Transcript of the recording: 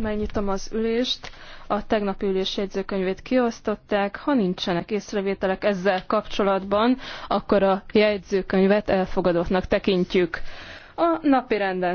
Megnyitom az ülést. A tegnapi ülés jegyzőkönyvét kiosztották. Ha nincsenek észrevételek ezzel kapcsolatban, akkor a jegyzőkönyvet elfogadottnak tekintjük. A napirenden